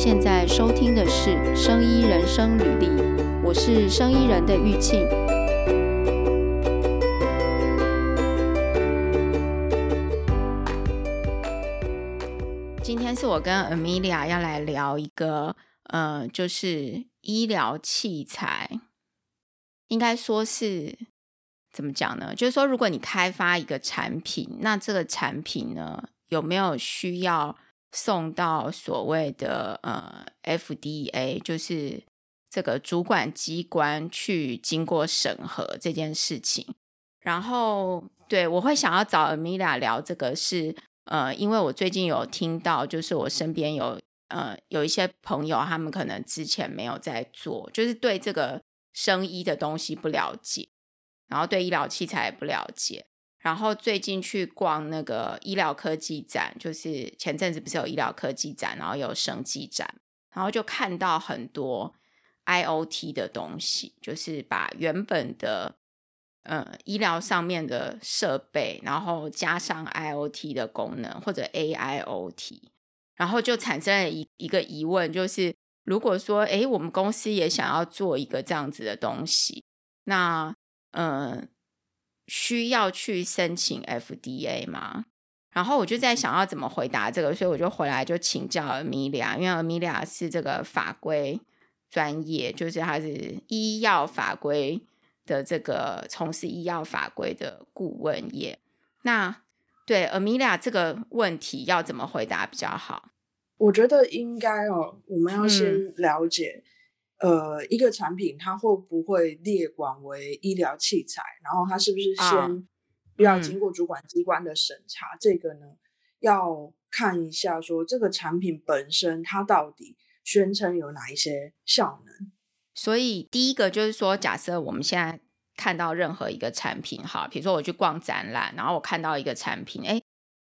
現在收聽的是《生醫人生旅歷》，我是生醫人的玉慶。今天是我跟 Amelia 要來聊一個，呃，就是醫療器材，應該說是怎麼講呢？就是說，如果你開發一個產品，那這個產品呢，有沒有需要？送到所謂的呃 FDA，就是這個主管機關去經過審核這件事情。然後，對，我會想要找 Amelia 聊這個事，呃，因為我最近有聽到，就是我身邊有呃有一些朋友，他們可能之前沒有在做，就是對這個生醫的東西不了解，然後對醫療器材也不了解。然後最近去逛那個醫療科技展，就是前陣子不是有醫療科技展，然後有生技展，然後就看到很多 IoT 的東西，就是把原本的呃、嗯、醫療上面的設備，然後加上 IoT 的功能或者 AIoT，然後就產生了一一個疑問，就是如果說，哎，我們公司也想要做一個這樣子的東西，那嗯。需要去申請 FDA 嗎？然後我就在想要怎麼回答這個，所以我就回來就請教了 Amelia，因為 Amelia 是這個法規專業，就是他是醫藥法規的這個從事醫藥法規的顧問業。那對 Amelia，這個問題要怎麼回答比較好？我覺得應該哦，我們要先了解。嗯呃，一個產品它會不會列管為醫療器材？然後它是不是先要經過主管機關的審查？啊嗯、這個呢，要看一下說這個產品本身它到底宣稱有哪一些效能。所以第一個就是說，假設我們現在看到任何一個產品，哈，比如說我去逛展覽，然後我看到一個產品，哎，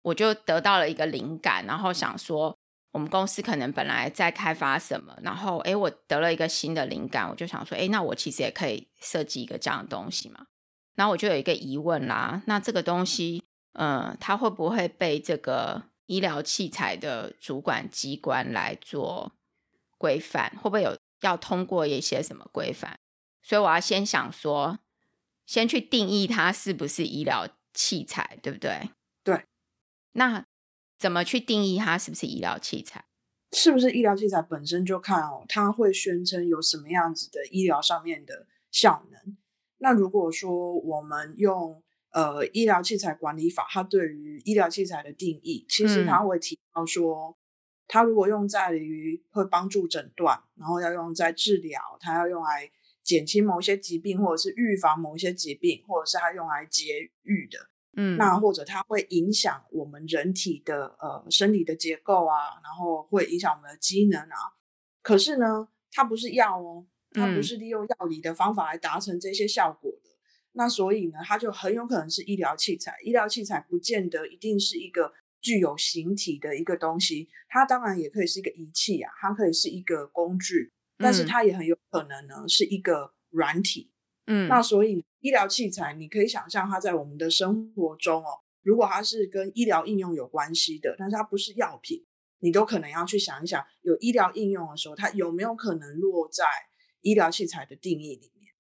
我就得到了一個靈感，然後想說。我們公司可能本來在開發什麼，然後誒、欸，我得了一個新的靈感，我就想說，誒、欸，那我其實也可以設計一個這樣的東西嘛。然後我就有一個疑問啦，那這個東西，嗯，它會不會被這個醫療器材的主管機關來做規範？會不會有要通過一些什麼規範？所以我要先想說，先去定義它是不是醫療器材，對不對？對，那。怎麼去定義它是不是醫療器材？是不是醫療器材本身就看哦，它會宣稱有什麼樣子的醫療上面的效能。那如果說我們用呃醫療器材管理法，它對於醫療器材的定義，其實它會提到說，嗯，它如果用在於會幫助診斷，然後要用在治療，它要用來減輕某一些疾病，或者是預防某一些疾病，或者是它用來節育的。嗯，那或者它會影響我們人體的呃生理的結構啊，然後會影響我們的機能啊。可是呢，它不是藥哦，它不是利用藥理的方法來達成這些效果的。嗯。那所以呢，它就很有可能是醫療器材。醫療器材不見得一定是一個具有形體的一個東西，它當然也可以是一個儀器啊，它可以是一個工具，但是它也很有可能呢是一個軟體。嗯嗯，那所以醫療器材，你可以想象它在我們的生活中哦，如果它是跟醫療應用有關係的，但是它不是藥品，你都可能要去想一想，有醫療應用的時候，它有沒有可能落在醫療器材的定義裡面？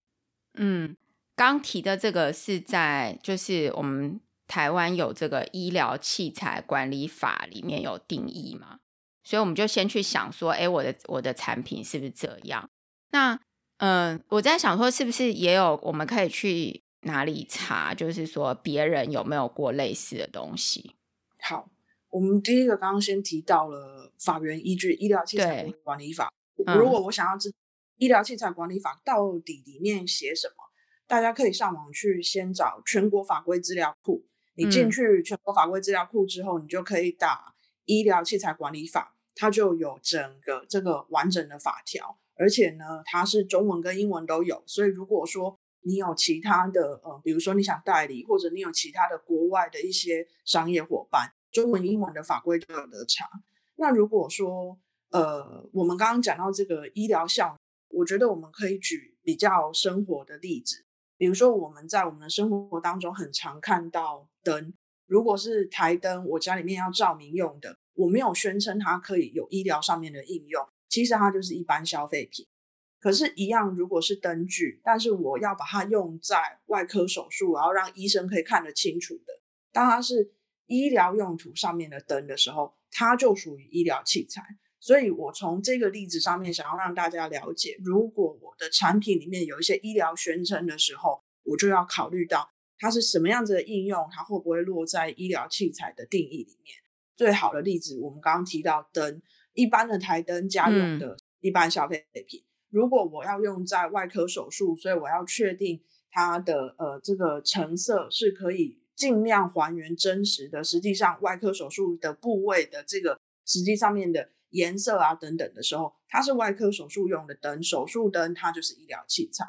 嗯，剛提的這個是在就是我們台灣有這個醫療器材管理法裡面有定義嘛，所以我們就先去想說，哎、欸，我的我的產品是不是這樣？那。嗯，我在想說，是不是也有我們可以去哪裡查？就是說，別人有沒有過類似的東西？好，我們第一個剛剛先提到了法源依據《醫療器材管理法》。對。如果我想要知《醫療器材管理法》到底裡面寫什麼，嗯、大家可以上網去先找全國法規資料庫。你進去全國法規資料庫之後，你就可以打《醫療器材管理法》，它就有整個這個完整的法條。而且呢，它是中文跟英文都有，所以如果說你有其他的，呃，比如說你想代理，或者你有其他的國外的一些商業夥伴，中文、英文的法規都有得查。那如果說，呃，我們剛剛講到這個醫療效，我覺得我們可以舉比較生活的例子，比如說我們在我們的生活當中很常看到燈，如果是台燈，我家裡面要照明用的，我沒有宣稱它可以有醫療上面的應用。其實它就是一般消費品，可是，一樣如果是燈具，但是我要把它用在外科手術，然後讓醫生可以看得清楚的，當它是醫療用途上面的燈的時候，它就屬於醫療器材。所以我從這個例子上面想要讓大家了解，如果我的產品裡面有一些醫療宣稱的時候，我就要考慮到它是什麼樣子的應用，它會不會落在醫療器材的定義裡面。最好的例子，我們剛剛提到燈。一般的檯燈，家用的一般消費品，如果我要用在外科手術，所以我要確定它的呃這個成色是可以盡量還原真實的。實際上，外科手術的部位的這個實際上面的顏色啊等等的時候，它是外科手術用的燈，手術燈它就是醫療器材。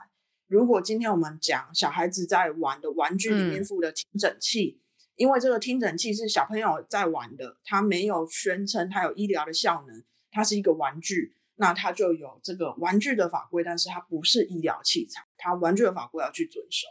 如果今天我們講小孩子在玩的玩具裡面附的聽診器。因為這個聽診器是小朋友在玩的，它沒有宣稱它有醫療的效能，它是一個玩具，那它就有這個玩具的法規，但是它不是醫療器材，它玩具的法規要去遵守。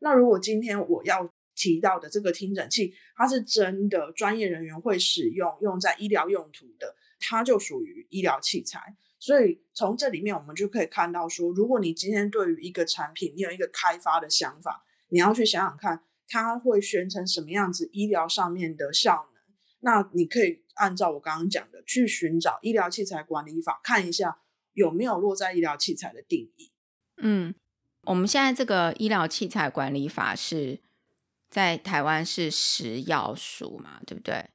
那如果今天我要提到的這個聽診器，它是真的專業人員會使用，用在醫療用途的，它就屬於醫療器材。所以從這裡面我們就可以看到說，說如果你今天對於一個產品，你有一個開發的想法，你要去想想看，它會宣稱什麼樣子醫療上面的效能？那你可以按照我剛剛講的去尋找醫療器材管理法，看一下有沒有落在醫療器材的定義。嗯，我們現在這個醫療器材管理法是在台灣是食藥署嘛，對不對？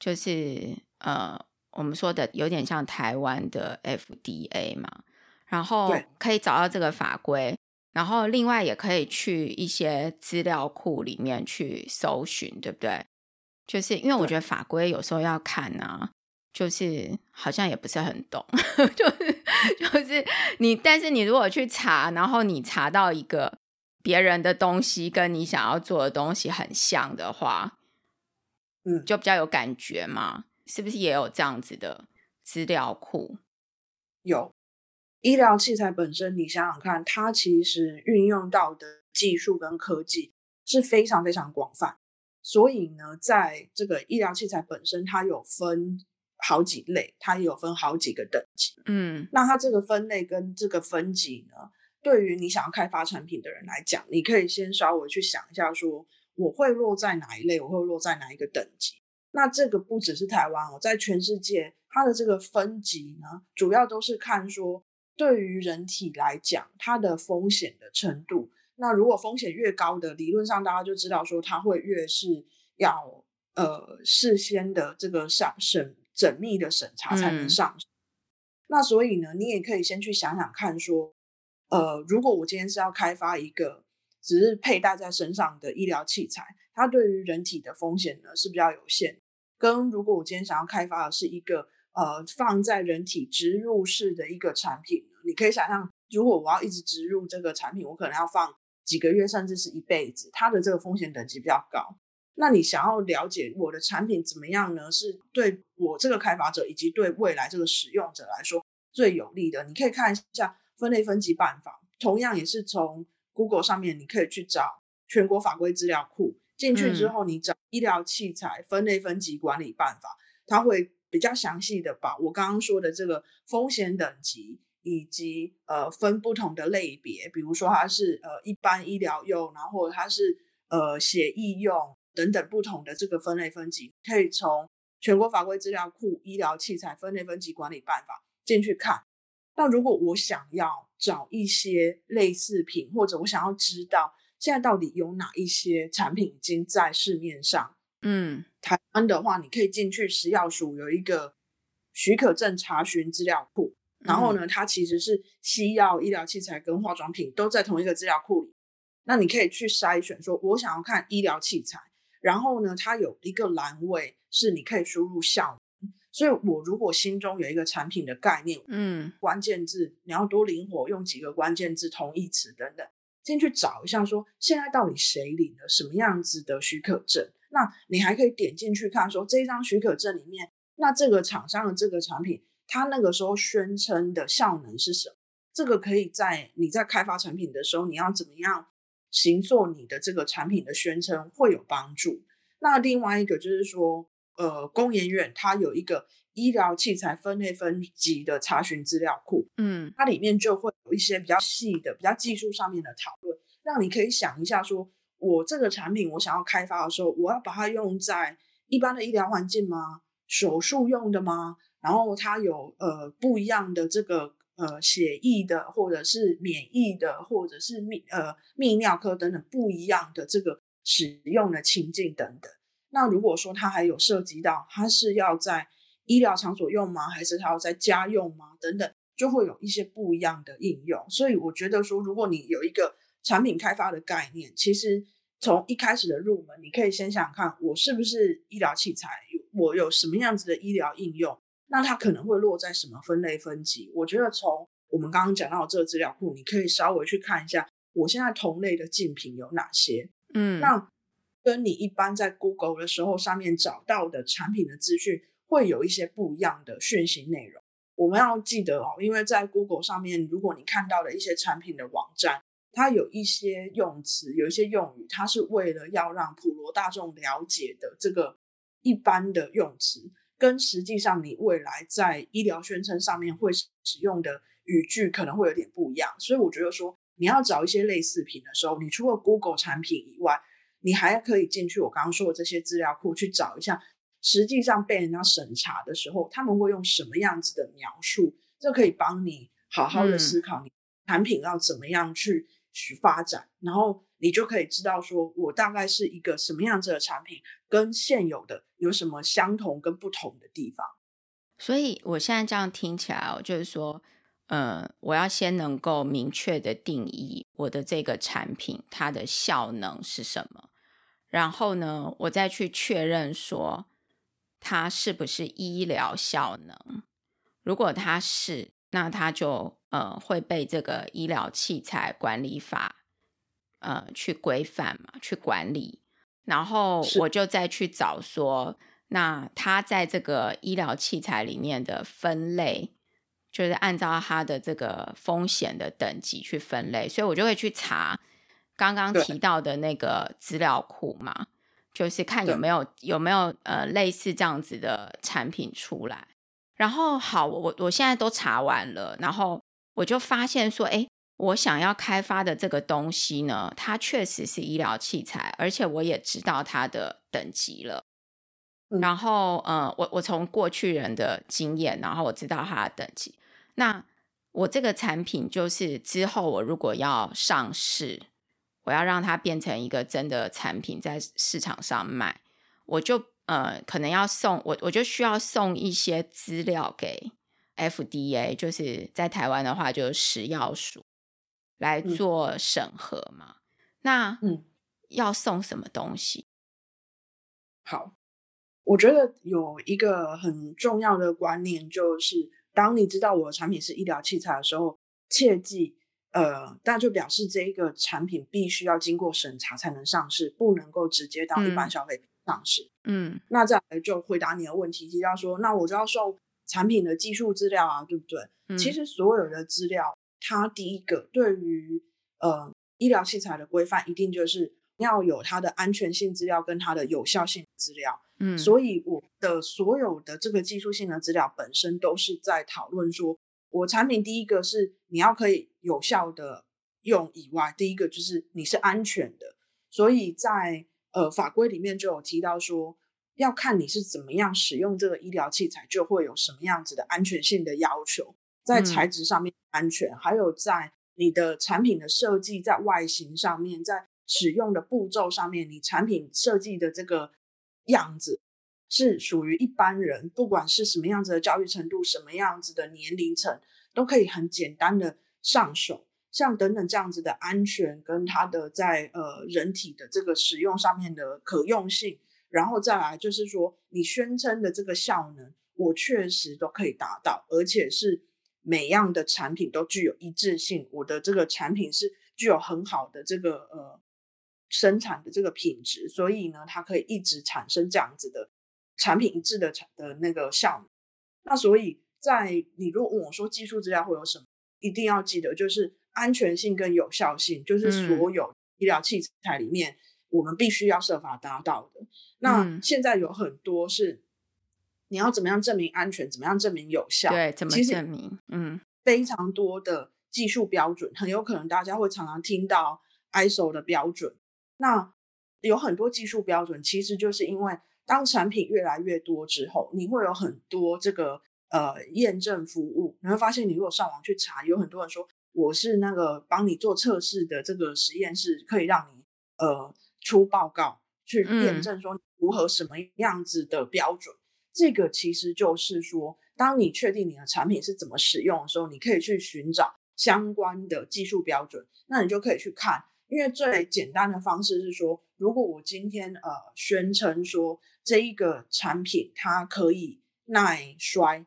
就是呃，我們說的有點像台灣的 FDA 嘛，然後可以找到這個法規。然後，另外也可以去一些資料庫裡面去搜尋，對不對？就是因為我覺得法規有時候要看啊，對就是好像也不是很懂， 就是就是你，但是你如果去查，然後你查到一個別人的東西跟你想要做的東西很像的話，嗯，就比較有感覺嘛，嗯，是不是也有這樣子的資料庫？有。醫療器材本身，你想想看，它其實運用到的技術跟科技是非常非常廣泛。所以呢，在這個醫療器材本身，它有分好幾類，它也有分好幾個等級。嗯，那它這個分類跟這個分級呢，對於你想要開發產品的人來講，你可以先稍微去想一下說，說我會落在哪一類，我會落在哪一個等級。那這個不只是台灣哦，我在全世界，它的這個分級呢，主要都是看說。對於人體來講，它的風險的程度，那如果風險越高的，理論上大家就知道說，它會越是要呃事先的這個上審縝密的審查才能上。嗯、那所以呢，你也可以先去想想看說，呃，如果我今天是要開發一個只是佩戴在身上的醫療器材，它對於人體的風險呢是比較有限，跟如果我今天想要開發的是一個。呃，放在人體植入式的一個產品，你可以想象，如果我要一直植入這個產品，我可能要放幾個月，甚至是一輩子。它的這個風險等級比較高。那你想要了解我的產品怎麼樣呢？是對我這個開發者以及對未來這個使用者來說最有利的。你可以看一下分類分級辦法，同樣也是從 Google 上面，你可以去找全國法規資料庫。進去之後，你找醫療器材分類分級管理辦法，它會。比較詳細的吧，我剛剛說的這個風險等級以及呃分不同的類別，比如說它是呃一般醫療用，然後它是呃血液用等等不同的這個分類分級，可以從全國法規資料庫《醫療器材分類分級管理辦法》進去看。那如果我想要找一些類似品，或者我想要知道現在到底有哪一些產品已經在市面上，嗯。台灣的話，你可以進去食藥署有一個許可證查詢資料庫，嗯，然後呢，它其實是西藥、醫療器材跟化妝品都在同一個資料庫裡。那你可以去篩選，說我想要看醫療器材，然後呢，它有一個欄位是你可以輸入項，所以我如果心中有一個產品的概念，嗯，關鍵字你要多靈活，用幾個關鍵字、同義詞等等，進去找一下，說現在到底誰領了什麼樣子的許可證。那你還可以點進去看，說這一張許可證裡面，那這個廠商的這個產品，它那個時候宣稱的效能是什麼？這個可以在你在開發產品的時候，你要怎麼樣行做你的這個產品的宣稱會有幫助。那另外一個就是說，呃，工研院它有一個醫療器材分類分級的查詢資料庫，嗯，它裡面就會有一些比較細的、比較技術上面的討論，讓你可以想一下說。我這個產品，我想要開發的時候，我要把它用在一般的醫療環境嗎？手術用的嗎？然後它有呃不一樣的這個呃血液的，或者是免疫的，或者是泌呃泌尿科，等等不一樣的這個使用的情境等等。那如果說它還有涉及到，它是要在醫療場所用嗎？還是它要在家用嗎？等等，就會有一些不一樣的應用。所以我覺得說，如果你有一個。產品開發的概念，其實從一開始的入門，你可以先想看，我是不是醫療器材，我有什麼樣子的醫療應用，那它可能會落在什麼分類分級。我覺得從我們剛剛講到的這個資料庫，你可以稍微去看一下，我現在同類的競品有哪些，嗯，那跟你一般在 Google 的時候上面找到的產品的資訊，會有一些不一樣的訊息內容。我們要記得哦，因為在 Google 上面，如果你看到了一些產品的網站，它有一些用詞，有一些用語，它是為了要讓普羅大眾了解的這個一般的用詞，跟實際上你未來在醫療宣稱上面會使用的語句可能會有點不一樣。所以我覺得說，你要找一些類似品的時候，你除了 Google 產品以外，你還可以進去我剛剛說的這些資料庫去找一下，實際上被人家審查的時候，他們會用什麼樣子的描述，這可以幫你好好的思考你產品要怎麼樣去。去發展，然後你就可以知道說，說我大概是一個什麼樣子的產品，跟現有的有什麼相同跟不同的地方。所以我現在這樣聽起來，哦，就是說，呃，我要先能夠明確的定義我的這個產品它的效能是什麼，然後呢，我再去確認說它是不是醫療效能。如果它是，那他就呃，會被這個醫療器材管理法，呃去規範嘛，去管理。然後我就再去找說，是那他在這個醫療器材裡面的分類，就是按照他的這個風險的等級去分類。所以我就會去查剛剛提到的那個資料庫嘛，對就是看有沒有對有沒有呃類似這樣子的產品出來。然後好，我我現在都查完了，然後我就發現說，哎，我想要開發的這個東西呢，它確實是醫療器材，而且我也知道它的等級了。然後，嗯，我我從過去人的經驗，然後我知道它的等級。那我這個產品，就是之後我如果要上市，我要讓它變成一個真的產品在市場上賣，我就。呃，可能要送我，我就需要送一些資料給 FDA，就是在台灣的話，就是食藥署來做審核嘛。那嗯，那嗯要送什麼東西？好，我覺得有一個很重要的觀念，就是當你知道我的產品是醫療器材的時候，切記，呃，那就表示這一個產品必須要經過審查才能上市，不能夠直接當一般消費品。嗯上市，當時嗯，那再來就回答你的問題，提到說，那我就要送產品的技術資料啊，對不對？嗯，其實所有的資料，它第一個對於呃醫療器材的規範，一定就是要有它的安全性資料跟它的有效性資料。嗯，所以我的所有的這個技術性的資料本身都是在討論說，我產品第一個是你要可以有效的用以外，第一個就是你是安全的，所以在。呃，法規裡面就有提到說，要看你是怎麼樣使用這個醫療器材，就會有什麼樣子的安全性的要求，在材質上面安全，嗯、還有在你的產品的設計，在外形上面，在使用的步驟上面，你產品設計的這個樣子是屬於一般人，不管是什麼樣子的教育程度，什麼樣子的年齡層，都可以很簡單的上手。像等等這樣子的安全跟它的在呃人體的這個使用上面的可用性，然後再來就是說你宣稱的這個效能，我確實都可以達到，而且是每樣的產品都具有一致性，我的這個產品是具有很好的這個呃生產的這個品質，所以呢，它可以一直產生這樣子的產品一致的產的那個效能。那所以在你如果問我說技術資料會有什麼，一定要記得就是。安全性跟有效性，就是所有醫療器材裡面，嗯、我們必須要設法達到的。嗯、那現在有很多是，你要怎麼樣證明安全？怎麼樣證明有效？對，怎麼證明？嗯，其實非常多的技術標準，嗯、很有可能大家會常常聽到 ISO 的標準。那有很多技術標準，其實就是因為當產品越來越多之後，你會有很多這個呃驗證服務。你會發現，你如果上網去查，有很多人說。我是那個幫你做測試的這個實驗室，可以讓你呃出報告去驗證說符合什麼樣子的標準。嗯。這個其實就是說，當你確定你的產品是怎麼使用的時候，你可以去尋找相關的技術標準。那你就可以去看，因為最簡單的方式是說，如果我今天呃宣稱說這一個產品它可以耐摔。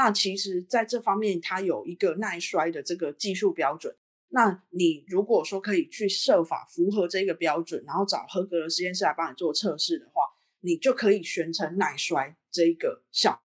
那其實，在這方面，它有一個耐摔的這個技術標準。那你如果說可以去設法符合這個標準，然後找合格的實驗室來幫你做測試的話，你就可以宣稱耐摔這一個效。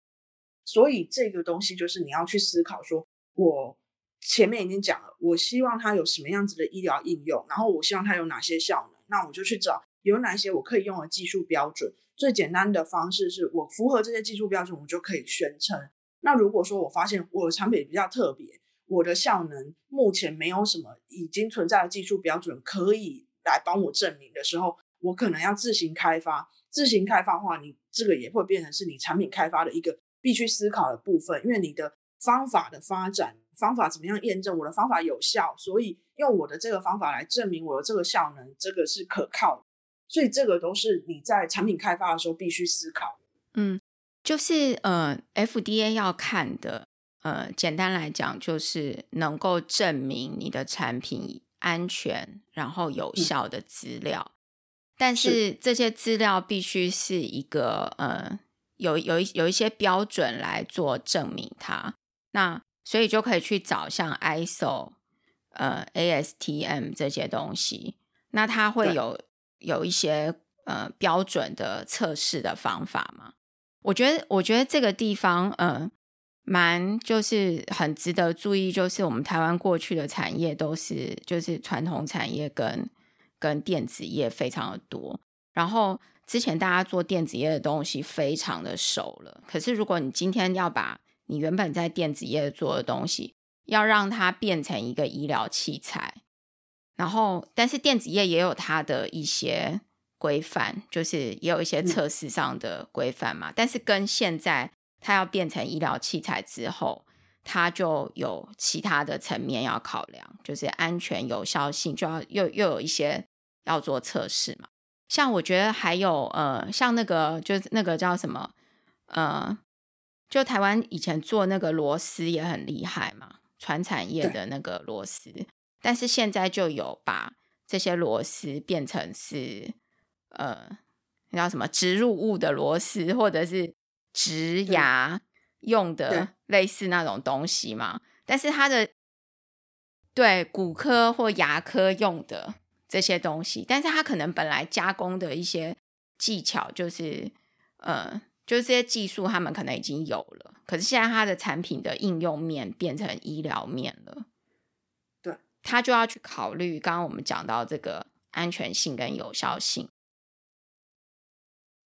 所以這個東西就是你要去思考說，說我前面已經講了，我希望它有什麼樣子的醫療應用，然後我希望它有哪些效能，那我就去找有哪些我可以用的技術標準。最簡單的方式是我符合這些技術標準，我就可以宣稱。那如果說我發現我的產品比較特別，我的效能，目前沒有什麼已經存在的技術標準可以來幫我證明的時候，我可能要自行開發。自行開發的話，你這個也會變成是你產品開發的一個必須思考的部分，因為你的方法的發展，方法怎麼樣驗證我的方法有效，所以用我的這個方法來證明我的這個效能，這個是可靠的。所以這個都是你在產品開發的時候必須思考的。嗯。就是呃，FDA 要看的，呃，簡單來講就是能夠證明你的產品安全然後有效的資料，但是，是這些資料必須是一個呃有有有一些標準來做證明它，那所以就可以去找像 ISO 呃 ASTM 這些東西，那它會有對有一些呃標準的測試的方法嗎？我覺得，我覺得這個地方，嗯，蠻就是很值得注意，就是我們台灣過去的產業都是就是傳統產業跟跟電子業非常的多，然後之前大家做電子業的東西非常的熟了，可是如果你今天要把你原本在電子業做的東西，要讓它變成一個醫療器材，然後但是電子業也有它的一些。規範就是也有一些測試上的規範嘛，嗯、但是跟現在它要變成醫療器材之後，它就有其他的層面要考量，就是安全有效性，就要又又有一些要做測試嘛。像我覺得還有呃，像那個就是那個叫什麼呃，就台灣以前做那個螺絲也很厲害嘛，傳產業的那個螺絲，對但是現在就有把這些螺絲變成是。呃，那、嗯、叫什麼植入物的螺絲，或者是植牙用的類似那種東西嘛？但是它的，對，骨科或牙科用的這些東西，但是它可能本來加工的一些技巧，就是嗯，就是呃，就是這些技術，他們可能已經有了。可是現在它的產品的應用面變成醫療面了，對，他就要去考慮剛剛我們講到這個安全性跟有效性。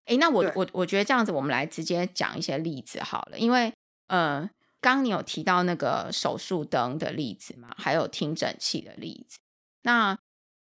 哎、欸，那我對我我覺得這樣子，我們來直接講一些例子好了。因為，呃，剛剛你有提到那個手術燈的例子嘛，還有聽診器的例子。那，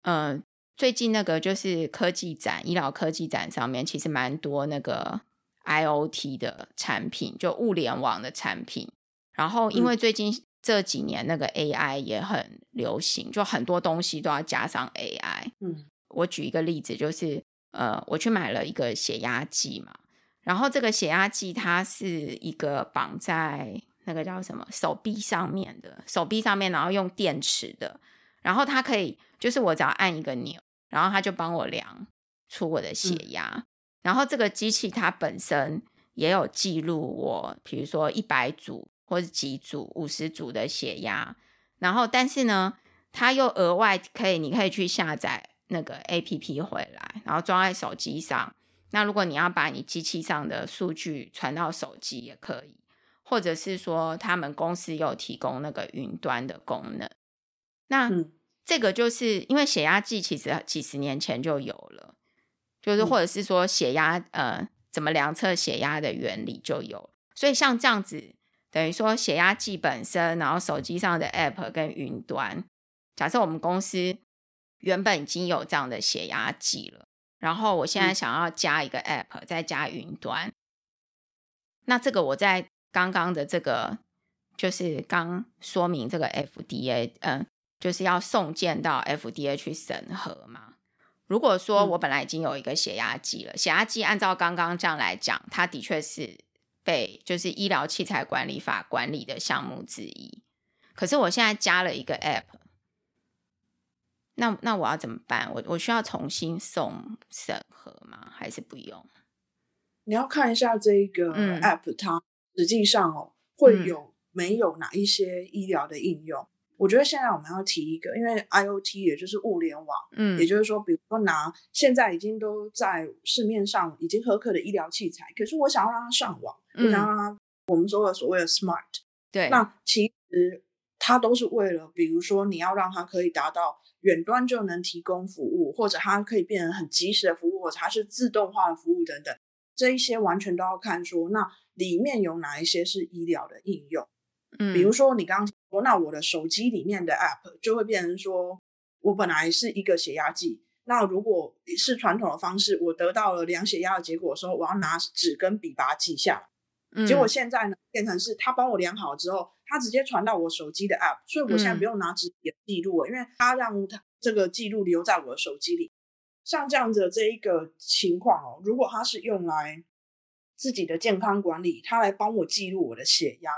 呃，最近那個就是科技展，醫療科技展上面其實蠻多那個 IoT 的產品，就物聯網的產品。然後，因為最近這幾年那個 AI 也很流行，就很多東西都要加上 AI。嗯，我舉一個例子就是。呃，我去買了一個血壓計嘛，然後這個血壓計它是一個綁在那個叫什麼手臂上面的，手臂上面，然後用電池的，然後它可以就是我只要按一個鈕，然後它就幫我量出我的血壓，嗯、然後這個機器它本身也有記錄我，比如說一百組或者幾組、五十組的血壓，然後但是呢，它又額外可以，你可以去下載。那個 App 回來，然後裝在手機上。那如果你要把你機器上的數據傳到手機也可以，或者是說他們公司有提供那個雲端的功能。那這個就是因為血壓計其實幾十年前就有了，就是或者是說血壓呃怎麼量測血壓的原理就有，所以像這樣子等於說血壓計本身，然後手機上的 App 跟雲端，假設我們公司。原本已經有這樣的血壓計了，然後我現在想要加一個 App，、嗯、再加雲端。那這個我在剛剛的這個，就是剛說明這個 FDA，嗯、呃，就是要送件到 FDA 去審核嘛。如果說我本來已經有一個血壓計了，嗯、血壓計按照剛剛這樣來講，它的確是被就是醫療器材管理法管理的項目之一。可是我現在加了一個 App。那那我要怎麼辦？我我需要重新送審核嗎？還是不用？你要看一下這個 App，、嗯、它實際上哦會有沒有哪一些醫療的應用？嗯、我覺得現在我們要提一個，因為 IoT 也就是物聯網，嗯，也就是說，比如說拿現在已經都在市面上已經合格的醫療器材，可是我想要讓它上網，嗯、我想讓它我們說的所謂的 smart，對，那其實它都是為了，比如說你要讓它可以達到。遠端就能提供服務，或者它可以變成很即時的服務，或者它是自動化的服務等等，這一些完全都要看說那裡面有哪一些是醫療的應用。嗯，比如說你剛剛說，那我的手機裡面的 App 就會變成說，我本來是一個血壓計，那如果是傳統的方式，我得到了量血壓的結果的時候，我要拿紙跟筆把它記下來。結果現在呢，變成是他幫我量好了之後，他直接傳到我手機的 app，所以我現在不用拿紙筆記錄，因為他讓這個記錄留在我的手機裡。像這樣子的這一個情況哦，如果他是用來自己的健康管理，他來幫我記錄我的血壓，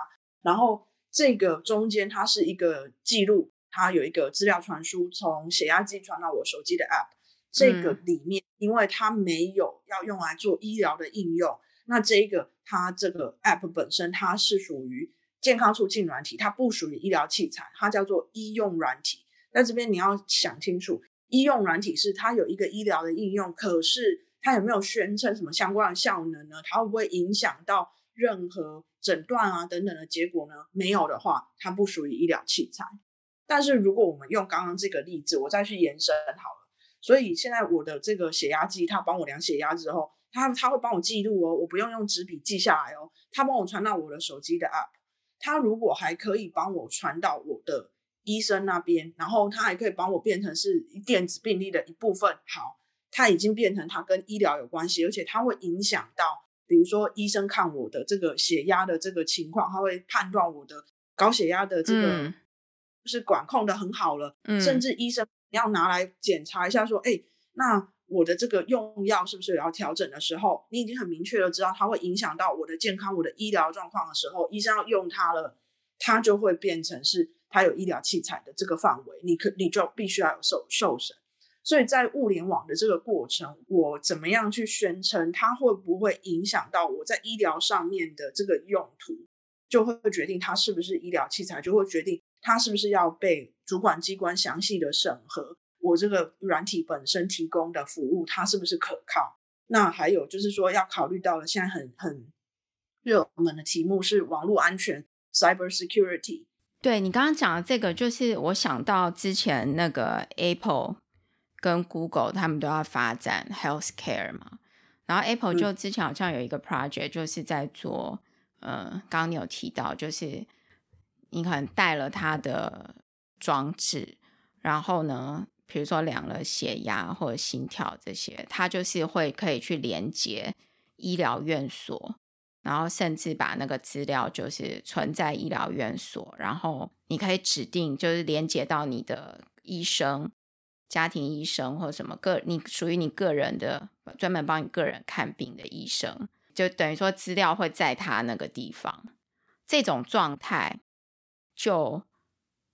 然後這個中間它是一個記錄，它有一個資料傳輸，從血壓計傳到我手機的 app，、嗯、這個裡面，因為它沒有要用來做醫療的應用。那這一個，它這個 app 本身它是屬於健康促進軟體，它不屬於醫療器材，它叫做醫用軟體。那這邊你要想清楚，醫用軟體是它有一個醫療的應用，可是它有沒有宣稱什麼相關的效能呢？它會不會影響到任何診斷啊等等的結果呢？沒有的話，它不屬於醫療器材。但是如果我們用剛剛這個例子，我再去延伸好了。所以現在我的這個血壓計，它幫我量血壓之後。他他會幫我記錄哦，我不用用紙筆記下來哦，他幫我傳到我的手機的 app。他如果還可以幫我傳到我的醫生那邊，然後他還可以幫我變成是電子病歷的一部分。好，他已經變成他跟醫療有關係，而且它會影響到，比如說醫生看我的這個血壓的這個情況，他會判斷我的高血壓的這個就是管控的很好了，嗯、甚至醫生要拿來檢查一下，說，哎，那。我的這個用藥是不是也要調整的時候，你已經很明確的知道它會影響到我的健康，我的醫療狀況的時候，醫生要用它了，它就會變成是它有醫療器材的這個範圍，你可你就必須要有受受審。所以在物聯網的這個過程，我怎麼樣去宣稱它會不會影響到我在醫療上面的這個用途，就會決定它是不是醫療器材，就會決定它是不是要被主管機關詳細的審核。我這個軟體本身提供的服務，它是不是可靠？那還有就是說，要考慮到了現在很很熱門的題目是網絡安全 （cybersecurity）。Cyber security。對，你剛剛講的這個，就是我想到之前那個 Apple 跟 Google 他們都要發展 health care 嘛，然後 Apple 就之前好像有一個 project 就是在做，嗯、呃，剛剛你有提到，就是你可能帶了它的裝置，然後呢？比如說量了血壓或者心跳這些，它就是會可以去連接醫療院所，然後甚至把那個資料就是存在醫療院所，然後你可以指定就是連接到你的醫生、家庭醫生或什麼個，你屬於你個人的、專門幫你個人看病的醫生，就等於說資料會在他那個地方。這種狀態就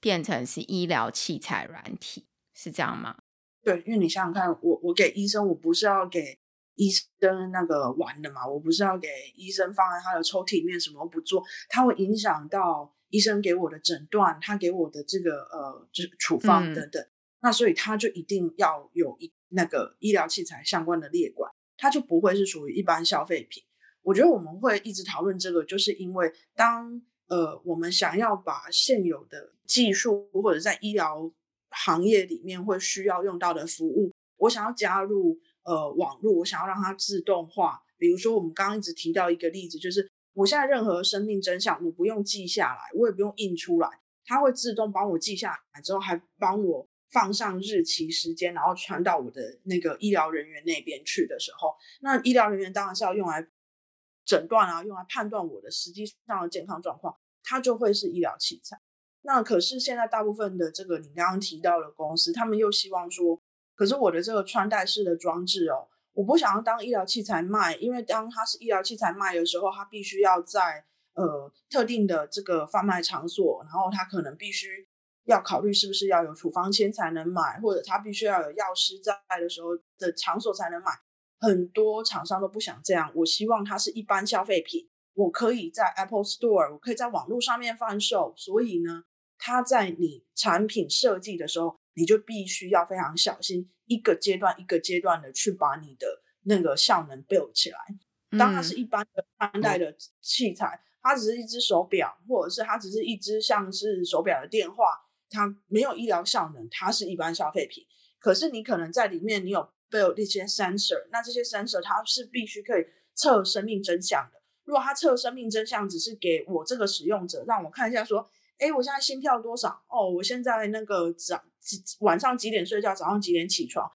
變成是醫療器材軟體。是這樣嗎？對，因為你想想看，我我給醫生，我不是要給醫生那個玩的嘛？我不是要給醫生放在他的抽屜裡面，什麼都不做，它會影響到醫生給我的診斷，他給我的這個呃，就是處方等等。嗯、那所以他就一定要有一那個醫療器材相關的列管，他就不會是屬於一般消費品。我覺得我們會一直討論這個，就是因為當呃我們想要把現有的技術或者在醫療。行業裡面會需要用到的服務，我想要加入呃、網絡，我想要讓它自動化。比如說我們剛剛一直提到一個例子，就是我現在任何生命真相，我不用記下來，我也不用印出來，它會自動幫我記下來，之後還幫我放上日期時間，然後傳到我的那個醫療人員那邊去的時候，那醫療人員當然是要用來診斷啊，用來判斷我的實際上的健康狀況，它就會是醫療器材。那可是，現在大部分的這個你剛剛提到的公司，他們又希望說，可是我的這個穿戴式的裝置哦，我不想要當醫療器材賣，因為當它是醫療器材賣的時候，它必須要在呃特定的這個販賣場所，然後它可能必須要考慮是不是要有處方簽才能買，或者它必須要有藥師在的時候的場所才能買。很多廠商都不想這樣，我希望它是一般消費品，我可以在 Apple Store，我可以在網絡上面販售，所以呢。它在你產品設計的時候，你就必須要非常小心，一個階段一個階段的去把你的那個效能 build 起來。當它是一般的穿戴的器材，嗯、它只是一隻手錶，或者是它只是一隻像是手錶的電話，它沒有醫療效能，它是一般消費品。可是你可能在裡面你有 build 一些 sensor，那這些 sensor 它是必須可以測生命徵象的。如果它測生命徵象只是給我這個使用者，讓我看一下說。哎，我現在心跳多少？哦，我現在那個早幾晚上幾點睡覺，早上幾點起床？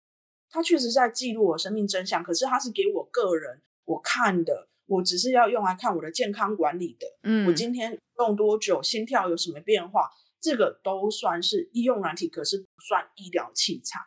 它確實在記錄我生命真相，可是它是給我個人我看的，我只是要用來看我的健康管理的。嗯，我今天用多久，心跳有什麼變化，這個都算是醫用軟體，可是不算醫療器材。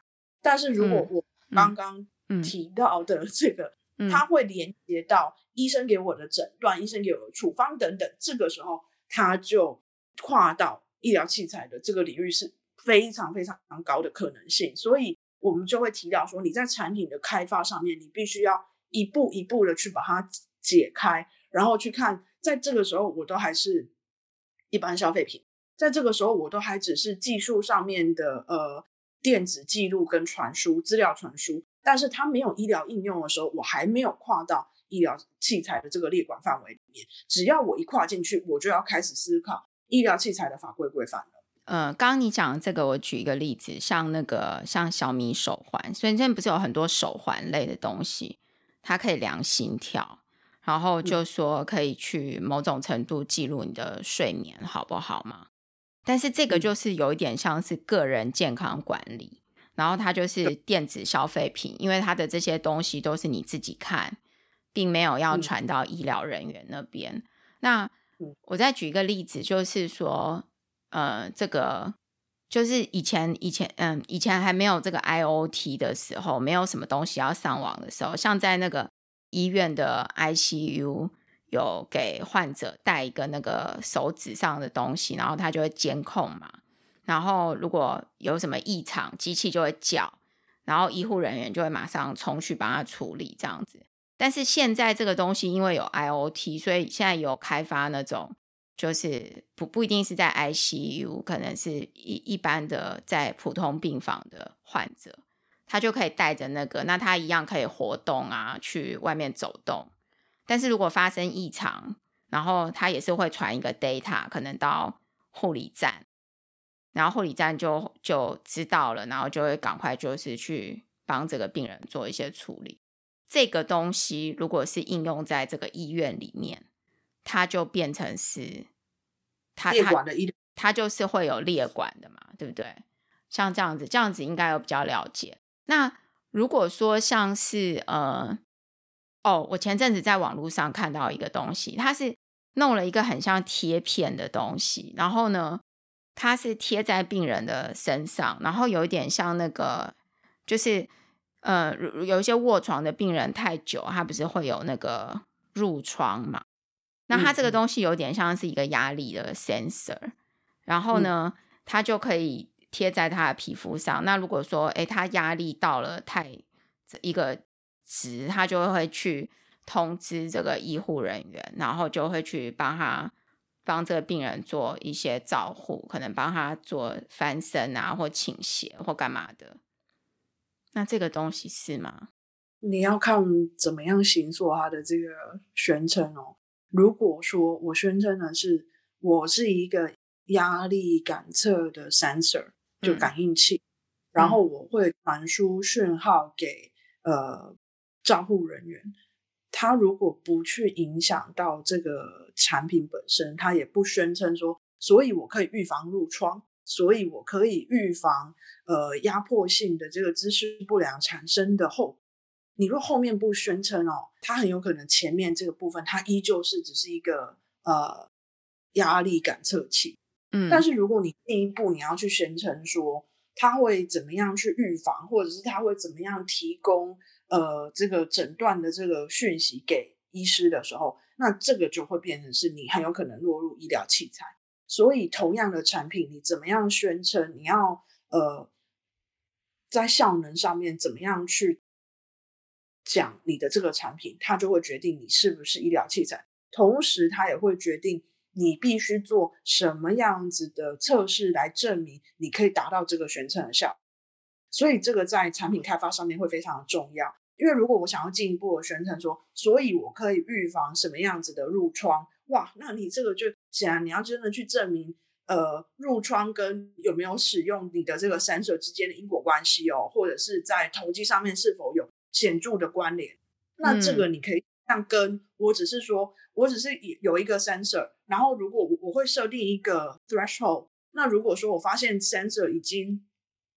但是如果我剛剛提到的這個，嗯嗯，它會連接到醫生給我的診斷，醫生給我的處方等等，這個時候它就。跨到醫療器材的這個領域是非常非常高的可能性，所以我們就會提到說，你在產品的開發上面，你必須要一步一步的去把它解開，然後去看，在這個時候我都還是一般消費品，在這個時候我都還只是技術上面的呃電子記錄跟傳輸，資料傳輸，但是它沒有醫療應用的時候，我還沒有跨到醫療器材的這個列管範圍裡面。只要我一跨進去，我就要開始思考。醫療器材的法規規範嗯，的。呃，剛剛你講的這個，我舉一個例子，像那個像小米手環，所以現在不是有很多手環類的東西，它可以量心跳，然後就說可以去某種程度記錄你的睡眠，嗯、好不好嘛？但是這個就是有一點像是個人健康管理，嗯、然後它就是電子消費品，因為它的這些東西都是你自己看，並沒有要傳到醫療人員那邊。嗯、那我再舉一個例子，就是說，呃，這個就是以前以前嗯，以前還沒有這個 IoT 的時候，沒有什麼東西要上網的時候，像在那個醫院的 ICU 有給患者戴一個那個手指上的東西，然後他就會監控嘛，然後如果有什麼異常，機器就會叫，然後醫護人員就會馬上衝去幫他處理，這樣子。但是現在這個東西，因為有 IoT，所以現在有開發那種，就是不不一定是在 ICU，可能是一一般的在普通病房的患者，他就可以帶着那個，那他一樣可以活動啊，去外面走動。但是如果發生異常，然後他也是會傳一個 data，可能到護理站，然後護理站就就知道了，然後就會趕快就是去幫這個病人做一些處理。這個東西如果是應用在這個醫院裡面，它就變成是它，它就是會有列管的嘛，對不對？像這樣子，這樣子應該有比較了解。那如果說像是呃，哦，我前陣子在網絡上看到一個東西，它是弄了一個很像貼片的東西，然後呢，它是貼在病人的身上，然後有一點像那個就是。呃、嗯，有一些臥床的病人太久，他不是會有那個褥瘡嘛？那他這個東西有點像是一個壓力的 sensor，、嗯、然後呢，他就可以貼在他的皮膚上。嗯、那如果說，哎，他壓力到了太一個值，他就會去通知這個醫護人員，然後就會去幫他幫這個病人做一些照護，可能幫他做翻身啊，或傾斜或幹嘛的。那這個東西是嗎？你要看怎麼樣行做他的這個宣稱哦，如果說我宣稱的是我是一個壓力感測的 sensor，就感應器，嗯、然後我會傳輸訊號給呃照護人員，他如果不去影響到這個產品本身，他也不宣稱說，所以我可以預防褥瘡。所以，我可以預防呃壓迫性的這個姿勢不良產生的後。你若後面不宣稱哦，它，很有可能前面這個部分它依舊是只是一個呃壓力感測器。嗯，但是如果你進一步你要去宣稱說它會怎麼樣去預防，或者是它會怎麼樣提供呃這個診斷的這個訊息給醫師的時候，那這個就會變成是你很有可能落入醫療器材。所以，同樣的產品，你怎麼樣宣稱你要呃，在效能上面怎麼樣去講你的這個產品，它就會決定你是不是醫療器材。同時，它也會決定你必須做什麼樣子的測試來證明你可以達到這個宣稱的效果。所以，這個在產品開發上面會非常的重要。因為如果我想要進一步的宣稱說，所以我可以預防什麼樣子的褥瘡。哇，那你這個就顯然你要真的去證明，呃，褥瘡跟有沒有使用你的這個 sensor 之間的因果關係哦，或者是在統計上面是否有顯著的關聯？嗯、那這個你可以這樣跟我只是說，我只是有有一個 sensor，然後如果我我會設定一個 threshold，那如果說我發現 sensor 已經，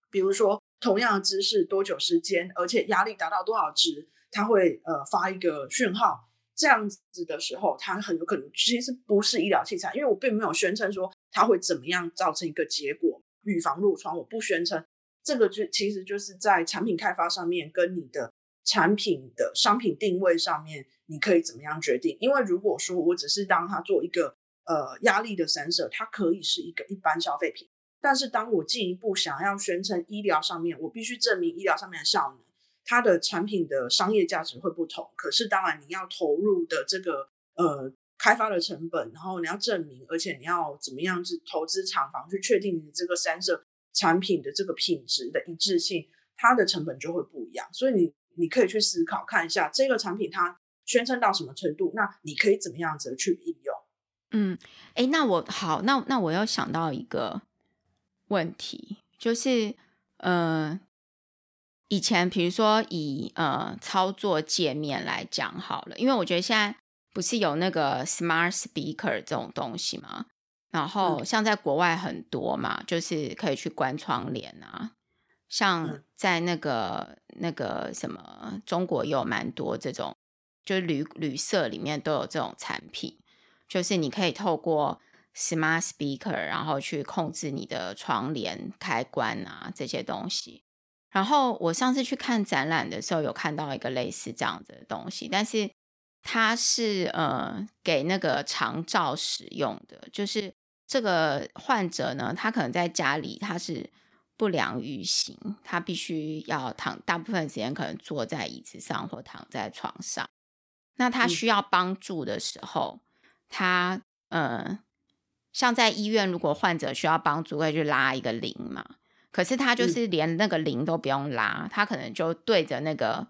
比如說同樣的姿勢多久時間，而且壓力達到多少值，它會呃發一個訊號。這樣子的時候，它很有可能其實不是醫療器材，因為我並沒有宣稱說它會怎麼樣造成一個結果，預防褥瘡，我不宣稱。這個就其實就是在產品開發上面跟你的產品的商品定位上面，你可以怎麼樣決定？因為如果說我只是當它做一個呃壓力的 sensor，它可以是一個一般消費品。但是當我進一步想要宣稱醫療上面，我必須證明醫療上面的效能。它的產品的商業價值會不同，可是當然，你要投入的這個呃開發的成本，然後你要證明，而且你要怎麼樣去投資廠房去確定你這個 Sensor 產品的這個品質的一致性，它的成本就會不一樣。所以你你可以去思考看一下這個產品它宣稱到什麼程度，那你可以怎麼樣子去應用？嗯，哎、欸，那我好，那那我要想到一個問題，就是嗯。呃以前，比如說以呃操作界面來講好了，因為我覺得現在不是有那個 smart speaker 這種東西嘛，然後像在國外很多嘛，就是可以去關窗簾啊，像在那個那個什麼，中國有蠻多這種，就是旅旅社裡面都有這種產品，就是你可以透過 smart speaker，然後去控制你的窗簾開關啊這些東西。然後我上次去看展覽的時候，有看到一個類似這樣子的東西，但是它是呃、嗯、給那個長照使用的，就是這個患者呢，他可能在家裡他是不良於行，他必須要躺，大部分時間可能坐在椅子上或躺在床上。那他需要幫助的時候，嗯、他呃、嗯、像在醫院，如果患者需要幫助，會去拉一個鈴嘛？可是他就是連那個鈴都不用拉，嗯、他可能就對着那個，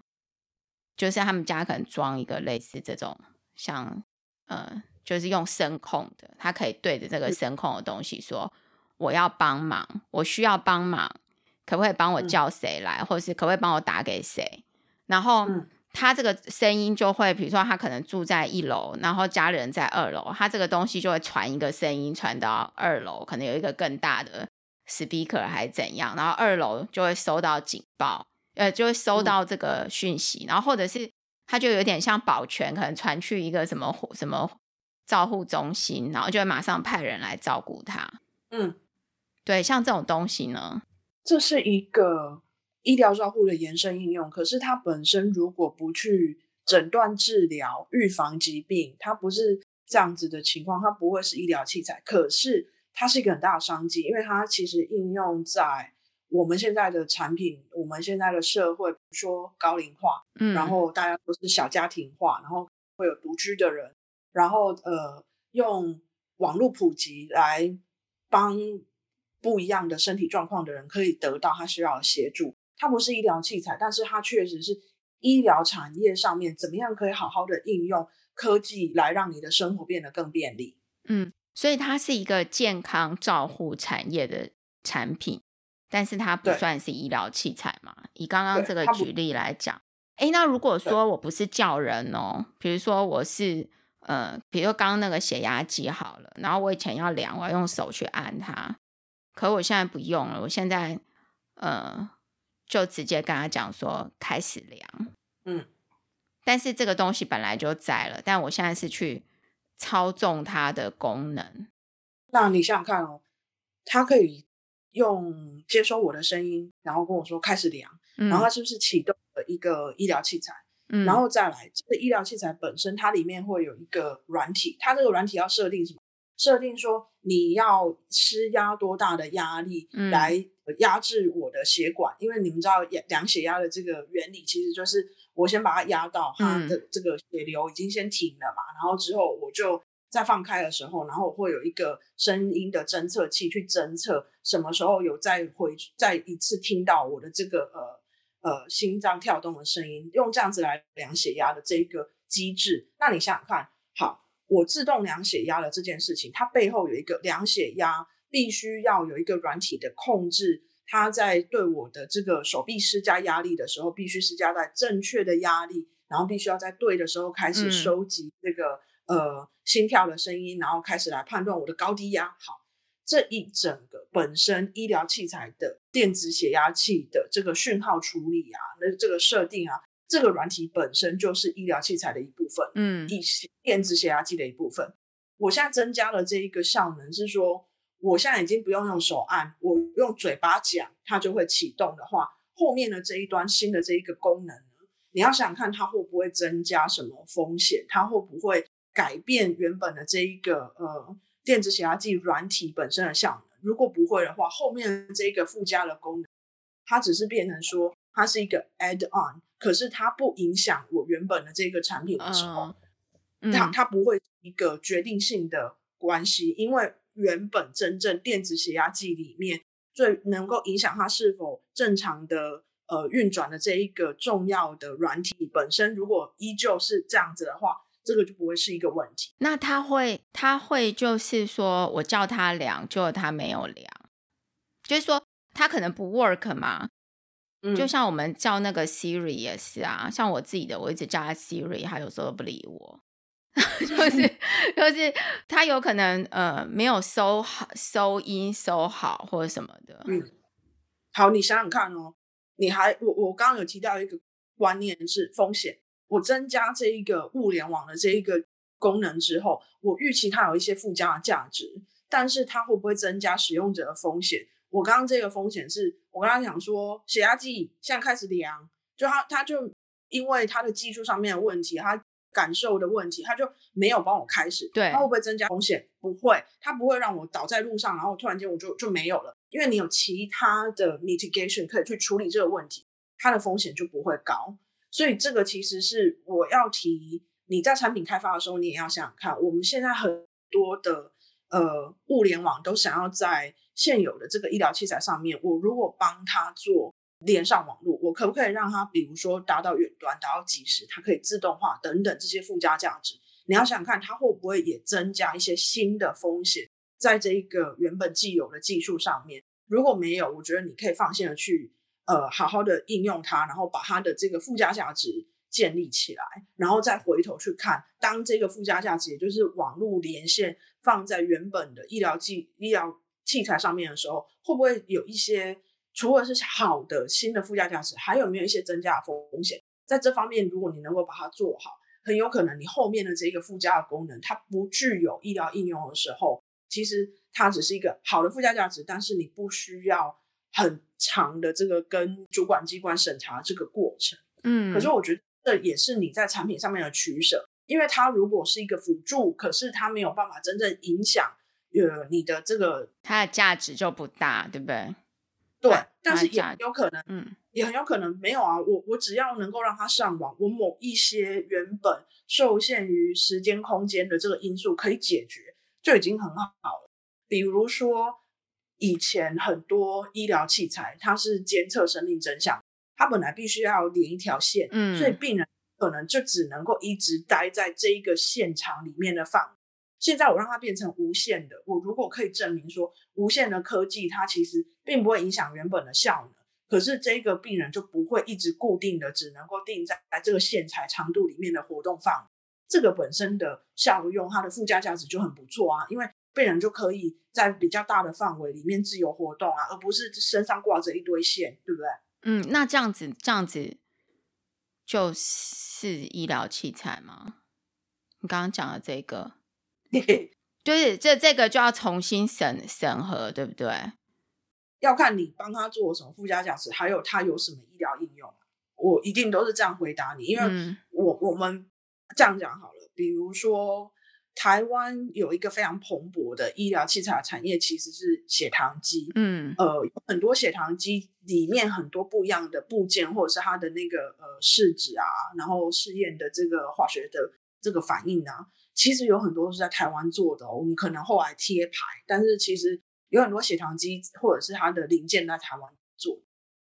就是他們家可能裝一個類似這種，像，呃、嗯，就是用聲控的，他可以對着這個聲控的東西說：“嗯、我要幫忙，我需要幫忙，可不可以幫我叫誰來，嗯、或是可不可以幫我打給誰？”然後、嗯、他這個聲音就會，比如說他可能住在一樓，然後家人在二樓，他這個東西就會傳一個聲音傳到二樓，可能有一個更大的。speaker 還是怎樣，然後二樓就會收到警報，呃，就會收到這個訊息，嗯、然後或者是它就有點像保全，可能傳去一個什麼什麼照護中心，然後就會馬上派人來照顧他。嗯，對，像這種東西呢，這是一個醫療照護的延伸應用。可是它本身如果不去診斷、治療、預防疾病，它不是這樣子的情況，它不會是醫療器材。可是它是一個很大的商機，因為它其實應用在我們現在的產品，我們現在的社會，比如說高齡化，嗯、然後大家都是小家庭化，然後會有獨居的人，然後呃，用網絡普及來幫不一樣的身體狀況的人可以得到他需要的協助。它不是醫療器材，但是它確實是醫療產業上面怎麼樣可以好好的應用科技來讓你的生活變得更便利。嗯。所以它是一個健康照護產業的產品，但是它不算是醫療器材嘛？對以剛剛這個舉例來講，誒，那如果說我不是叫人哦，對比如說我是呃，比如說剛剛那個血壓計好了，然後我以前要量，我要用手去按它，可我現在不用了，我現在呃，就直接跟他講說開始量，嗯，但是這個東西本來就在了，但我現在是去。操縱它的功能，那你想想看哦，它可以用接收我的聲音，然後跟我說開始量，嗯、然後它是不是啟動了一個醫療器材？嗯、然後再來，這個醫療器材本身它裡面會有一個軟體，它這個軟體要設定什麼？設定說你要施壓多大的壓力來壓制我的血管，嗯、因為你們知道量血壓的這個原理其實就是。我先把它壓到，它的這個血流已經先停了嘛，嗯、然後之後我就再放開的時候，然後會有一個聲音的偵測器去偵測什麼時候有再回再一次聽到我的這個呃呃心臟跳動的聲音，用這樣子來量血壓的這一個機制。那你想想看，好，我自動量血壓的這件事情，它背後有一個量血壓，必須要有一個軟體的控制。他在對我的這個手臂施加壓力的時候，必須施加在正確的壓力，然後必須要在對的時候開始收集這、那個、嗯、呃心跳的聲音，然後開始來判斷我的高低壓。好，這一整個本身醫療器材的電子血壓器的這個訊號處理啊，那這個設定啊，這個軟體本身就是醫療器材的一部分，嗯，電電子血壓計的一部分。我現在增加了這一個效能，是說。我現在已經不用用手按，我用嘴巴講它就會啟動的話，後面的這一端新的這一個功能呢，嗯、你要想看它會不會增加什麼風險，它會不會改變原本的這一個呃電子血壓計軟體本身的效能？如果不會的話，後面的這個附加的功能，它只是變成說它是一個 add on，可是它不影響我原本的這個產品的時候，它、嗯嗯、它不會一個決定性的關係，因為。原本真正電子血壓計裡面最能夠影響它是否正常的呃運轉的這一個重要的軟體本身，如果依舊是這樣子的話，這個就不會是一個問題。那它會，它會就是說我叫它量，結果它沒有量，就是說它可能不 work 嘛。嗯，就像我們叫那個 Siri 也是啊，像我自己的，我一直叫它 Siri，它有時候不理我。 就是就是他有可能呃沒有收好收音收好或者什麼的。嗯，好，你想想看哦，你還我我剛剛有提到一個觀念是風險。我增加這一個物聯網的這一個功能之後，我預期它有一些附加的價值，但是它會不會增加使用者的風險？我剛剛這個風險是，我剛剛講說血壓計現在開始量，就他他就因為他的技術上面的問題，他。感受的問題，他就沒有幫我開始。對，它會不會增加風險？不會，它不會讓我倒在路上，然後突然間我就就沒有了。因為你有其他的 mitigation 可以去處理這個問題，它的風險就不會高。所以這個其實是我要提，你在產品開發的時候，你也要想想看。我們現在很多的，呃，物聯網都想要在現有的這個醫療器材上面，我如果幫他做。連上網絡，我可不可以讓它，比如說達到遠端，達到即時，它可以自動化等等這些附加價值？你要想看它會不會也增加一些新的風險，在這一個原本既有的技術上面。如果沒有，我覺得你可以放心的去，呃，好好的應用它，然後把它的這個附加價值建立起來，然後再回頭去看，當這個附加價值，也就是網絡連線放在原本的醫療技，醫療器材上面的時候，會不會有一些？除了是好的新的附加價值，還有沒有一些增加的風險？在這方面，如果你能夠把它做好，很有可能你後面的這個附加的功能，它不具有醫療應用的時候，其實它只是一個好的附加價值。但是你不需要很長的這個跟主管機關審查這個過程。嗯，可是我覺得這也是你在產品上面的取捨，因為它如果是一個輔助，可是它沒有辦法真正影響呃，你的這個，它的價值就不大，對不對？對，但是也有可能，嗯，也很有可能沒有啊。我我只要能夠讓他上網，我某一些原本受限於時間空間的這個因素可以解決，就已經很好了。比如說，以前很多醫療器材，它是監測生命徵象，它本來必須要連一條線，嗯，所以病人可能就只能夠一直待在這一個現場裡面的範圍。現在我讓它變成無線的，我如果可以證明說無線的科技，它其實並不會影響原本的效能，可是這個病人就不會一直固定的只能夠定在這個線材長度裡面的活動範圍。這個本身的效用，它的附加價值就很不錯啊，因為病人就可以在比較大的範圍裡面自由活動啊，而不是身上掛着一堆線，對不對？嗯，那這樣子這樣子就是醫療器材嗎？你剛剛講的這個。 對，就是這這個就要重新審審核，對不對？要看你幫他做什麼附加價值，還有他有什麼醫療應用。我一定都是這樣回答你，因為我、嗯、我，我們這樣講好了。比如說，台灣有一個非常蓬勃的醫療器材產業，其實是血糖機。嗯，呃，很多血糖機裡面很多不一樣的部件，或者是它的那個呃試紙啊，然後試驗的這個化學的。這個反應呢、啊，其實有很多是在台灣做的，哦。我們可能後來貼牌，但是其實有很多血糖機或者是它的零件在台灣做。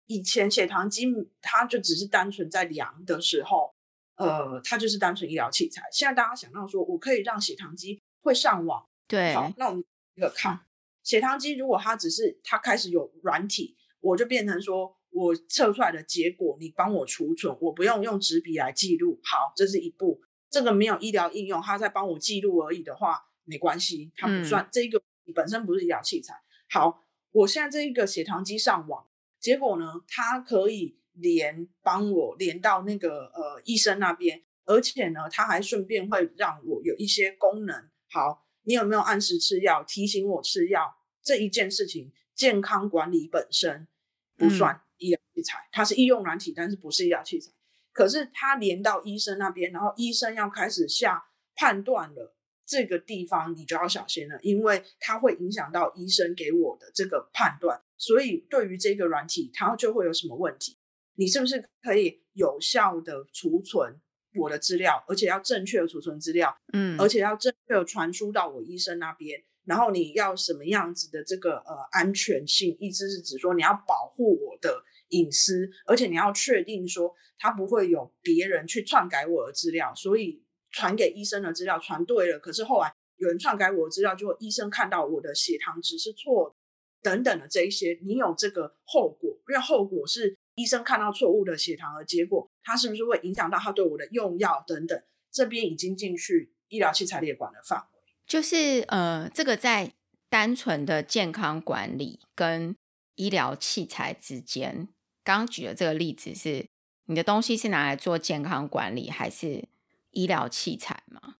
以前血糖機它就只是單純在量的時候，呃，它就是單純醫療器材。現在大家想到說，我可以讓血糖機會上網，對，好，那我們一個看血糖機，如果它只是它開始有軟體，我就變成說，我測出來的結果你幫我儲存，我不用用紙筆來記錄，好，這是一步。這個沒有醫療應用，它在幫我記錄而已的話，沒關係，它不算、嗯、這個本身不是醫療器材。好，我現在這個血糖機上網，結果呢，它可以連幫我連到那個呃醫生那邊，而且呢，它還順便會讓我有一些功能。好，你有沒有按時吃藥？提醒我吃藥這一件事情，健康管理本身不算醫療器材，嗯、它是醫用軟體，但是不是醫療器材。可是它連到醫生那邊，然後醫生要開始下判斷了，這個地方你就要小心了，因為它會影響到醫生給我的這個判斷，所以對於這個軟體，它就會有什麼問題？你是不是可以有效的儲存我的資料，而且要正確的儲存資料，嗯，而且要正確的傳輸到我醫生那邊，然後你要什麼樣子的這個呃安全性，意思是指說你要保護我的。隱私，而且你要確定說他不會有別人去篡改我的資料，所以傳給醫生的資料傳對了。可是後來有人篡改我的資料，結果醫生看到我的血糖值是錯，等等的這一些，你有這個後果，因為後果是醫生看到錯誤的血糖的結果，他是不是會影響到他對我的用藥等等？這邊已經進去醫療器材列管的範圍，就是呃，這個在單純的健康管理跟醫療器材之間。剛舉的這個例子是你的東西是拿來做健康管理還是醫療器材嗎？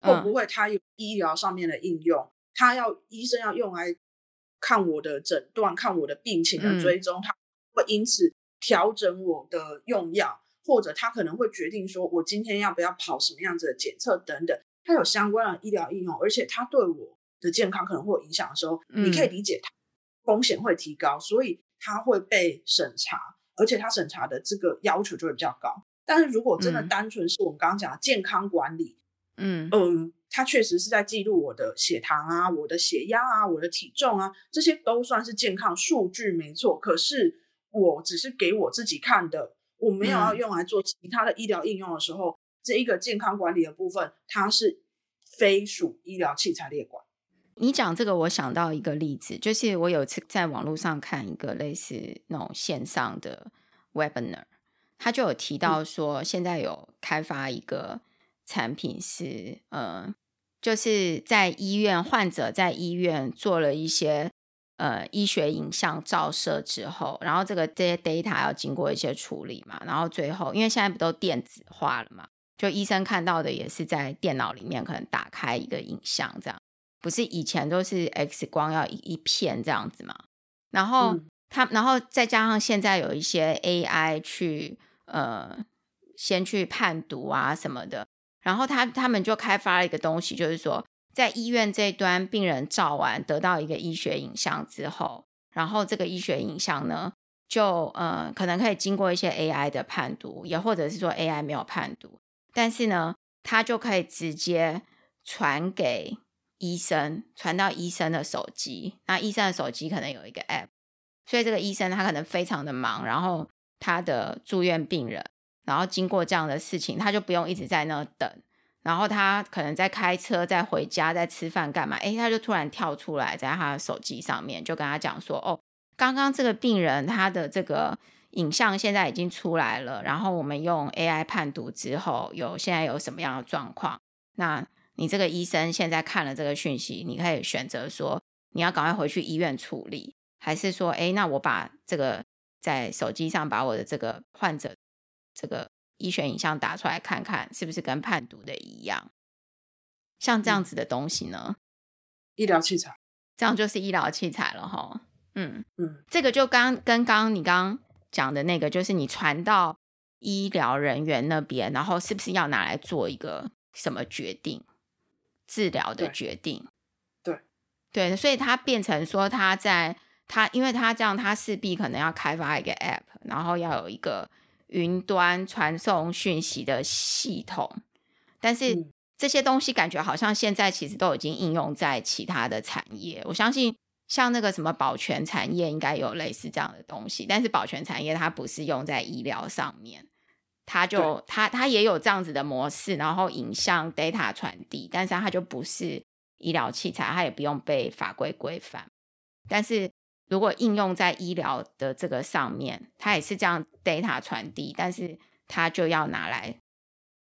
會不會它有醫療上面的應用？它要醫生要用來看我的診斷、看我的病情的追蹤，他、嗯、會因此調整我的用藥，或者他可能會決定說我今天要不要跑什麼樣子的檢測等等。它有相關的醫療應用，而且它對我的健康可能會有影響的時候，嗯、你可以理解它風險會提高，所以。它會被審查，而且它審查的這個要求就會比較高。但是如果真的單純是我們剛剛講的健康管理，嗯嗯，它確實是在記錄我的血糖啊、我的血壓啊、我的體重啊，這些都算是健康數據，沒錯。可是我只是給我自己看的，我沒有要用來做其他的醫療應用的時候，嗯、這一個健康管理的部分，它是非屬醫療器材列管。你講這個，我想到一個例子，就是我有次在網絡上看一個類似那種線上的 webinar，他就有提到說，現在有開發一個產品是，嗯、呃，就是在醫院患者在醫院做了一些呃醫學影像照射之後，然後這個這些 data 要經過一些處理嘛，然後最後因為現在不都電子化了嘛，就醫生看到的也是在電腦裡面可能打開一個影像這樣。不是以前都是 X 光要一一片這樣子嘛？然後、嗯、他，然後再加上現在有一些 AI 去呃，先去判讀啊什麼的。然後他他們就開發了一個東西，就是說在醫院這一端，病人照完得到一個醫學影像之後，然後這個醫學影像呢，就呃可能可以經過一些 AI 的判讀，也或者是說 AI 沒有判讀，但是呢，它就可以直接傳給。醫生，傳到醫生的手機，那醫生的手機可能有一個 app，所以這個醫生他可能非常的忙，然後他的住院病人，然後經過這樣的事情，他就不用一直在那等，然後他可能在開車，在回家，在吃飯幹嘛，哎，他就突然跳出來，在他的手機上面就跟他講說，哦，剛剛這個病人他的這個影像現在已經出來了，然後我們用 AI 判讀之後，有現在有什麼樣的狀況，那。你這個醫生現在看了這個訊息，你可以選擇說你要趕快回去醫院處理，還是說，哎，那我把這個在手機上把我的這個患者這個醫學影像打出來看看，是不是跟判讀的一樣？像這樣子的東西呢？醫療器材，這樣就是醫療器材了齁。嗯嗯，這個就剛跟剛剛你剛剛講的那個，就是你傳到醫療人員那邊，然後是不是要拿來做一個什麼決定？治療的決定，對對,對，所以他變成說他在他，因為他這樣，他勢必可能要開發一個 APP，然後要有一個雲端傳送訊息的系統。但是、嗯、這些東西感覺好像現在其實都已經應用在其他的產業。我相信像那個什麼保全產業，應該有類似這樣的東西，但是保全產業它不是用在醫療上面。它就它它對也有這樣子的模式，然後影像 data 傳遞，但是它就不是醫療器材，它也不用被法規規範。但是如果應用在醫療的這個上面，它也是這樣 data 傳遞，但是它就要拿來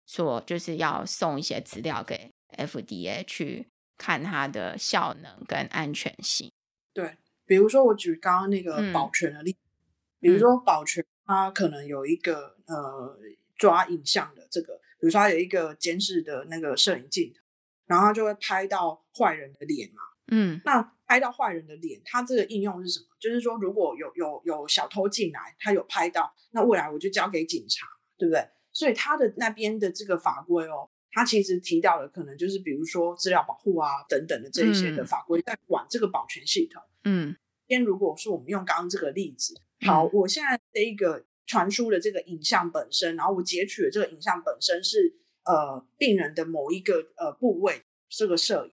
說，就是要送一些資料給 FDA 去看它的效能跟安全性。對，比如說我舉剛剛那個保全的例子，嗯、比如說保全。他可能有一個呃抓影像的這個，比如說他有一個監視的那個攝影鏡頭，然後他就會拍到壞人的臉嘛。嗯，那拍到壞人的臉，它這個應用是什麼？就是說如果有有有小偷進來，他有拍到，那未來我就交給警察，對不對？所以他的那邊的這個法規哦，他其實提到了可能就是比如說資料保護啊等等的這一些的法規，嗯，在管這個保全系統。嗯，先如果是我們用剛剛這個例子。好，我現在的一個傳輸的這個影像本身，然後我截取的這個影像本身是呃病人的某一個呃部位這個攝影，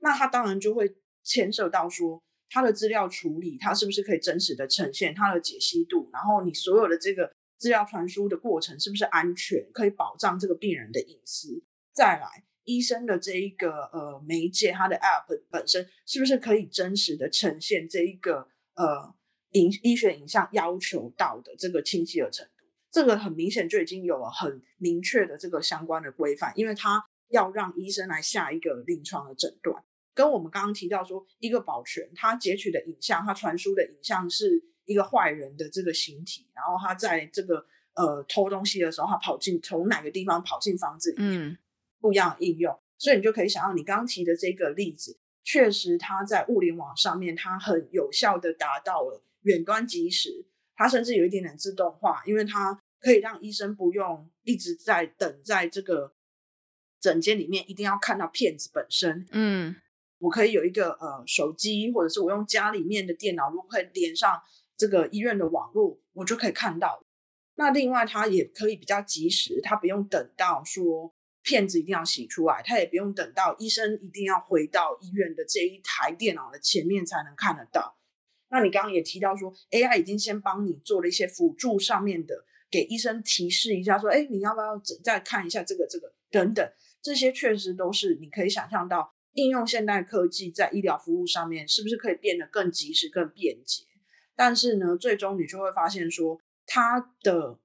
那他當然就會牽涉到說他的資料處理，他是不是可以真實的呈現他的解析度，然後你所有的這個資料傳輸的過程是不是安全，可以保障這個病人的隱私？再來，醫生的這一個呃媒介，他的 app 本身是不是可以真實的呈現這一個呃？影醫學影像要求到的這個清晰的程度，這個很明顯就已經有了很明確的這個相關的規範，因為它要讓醫生來下一個臨床的診斷。跟我們剛剛提到說，一個保全他截取的影像，他傳輸的影像是一個壞人的這個形體，然後他在這個呃偷東西的時候，他跑進從哪個地方跑進房子裡面，嗯，不一樣的應用，所以你就可以想到你剛剛提的這個例子，確實它在物聯網上面，它很有效的達到了。遠端即時，它甚至有一點點自動化，因為它可以讓醫生不用一直在等，在這個診間裡面一定要看到片子本身。嗯，我可以有一個呃手機，或者是我用家裡面的電腦，如果可以連上這個醫院的網絡，我就可以看到。那另外它也可以比較及時，它不用等到說片子一定要洗出來，它也不用等到醫生一定要回到醫院的這一台電腦的前面才能看得到。那你剛剛也提到說，AI 已經先幫你做了一些輔助上面的，給醫生提示一下，說，哎、欸，你要不要再看一下這個、這個、等等，這些確實都是你可以想象到應用現代科技在醫療服務上面是不是可以變得更及時、更便捷？但是呢，最終你就會發現說，它的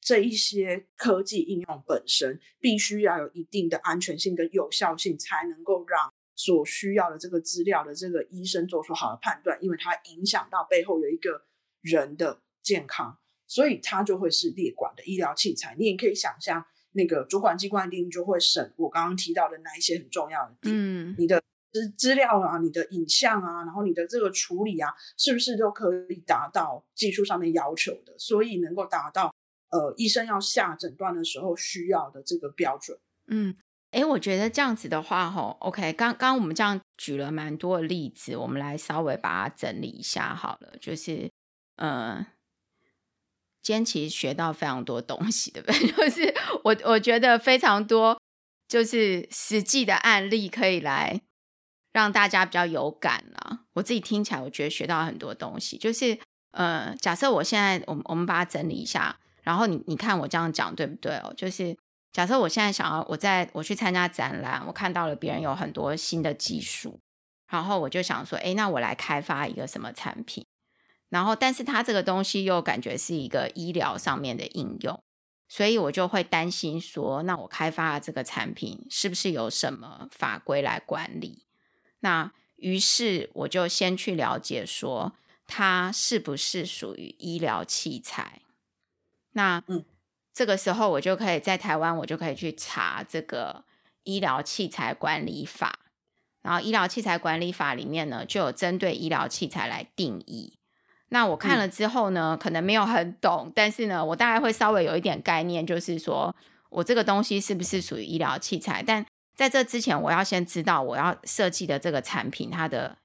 這一些科技應用本身必須要有一定的安全性跟有效性，才能夠讓所需要的這個資料的這個醫生做出好的判斷，因為它影響到背後有一個人的健康，所以它就會是列管的醫療器材。你也可以想象，那個主管機關一定就會審我剛剛提到的那一些很重要的嗯，你的資資料啊、你的影像啊、然後你的這個處理啊，是不是都可以達到技術上面要求的？所以能夠達到呃醫生要下診斷的時候需要的這個標準，嗯。欸，我覺得這樣子的話吼，吼，OK，剛剛我們這樣舉了蠻多的例子，我們來稍微把它整理一下好了。就是，呃、嗯，今天其實學到非常多東西，對不對？就是我我覺得非常多，就是實際的案例可以來讓大家比較有感了，啊。我自己聽起來，我覺得學到很多東西。就是，呃、嗯，假設我現在，我們我們把它整理一下，然後你你看我這樣講對不對哦？就是。假設我現在想要我在我去參加展覽，我看到了別人有很多新的技術，然後我就想說，哎、欸，那我來開發一個什麼產品？然後，但是它這個東西又感覺是一個醫療上面的應用，所以我就會擔心說，那我開發的這個產品是不是有什麼法規來管理？那於是我就先去了解說，它是不是屬於醫療器材。那嗯。這個時候，我就可以在台灣，我就可以去查這個醫療器材管理法。然後，醫療器材管理法裡面呢，就有針對醫療器材來定義。那我看了之後呢，可能沒有很懂，但是呢，我大概會稍微有一點概念，就是說我這個東西是不是屬於醫療器材。但在這之前，我要先知道我要設計的這個產品它的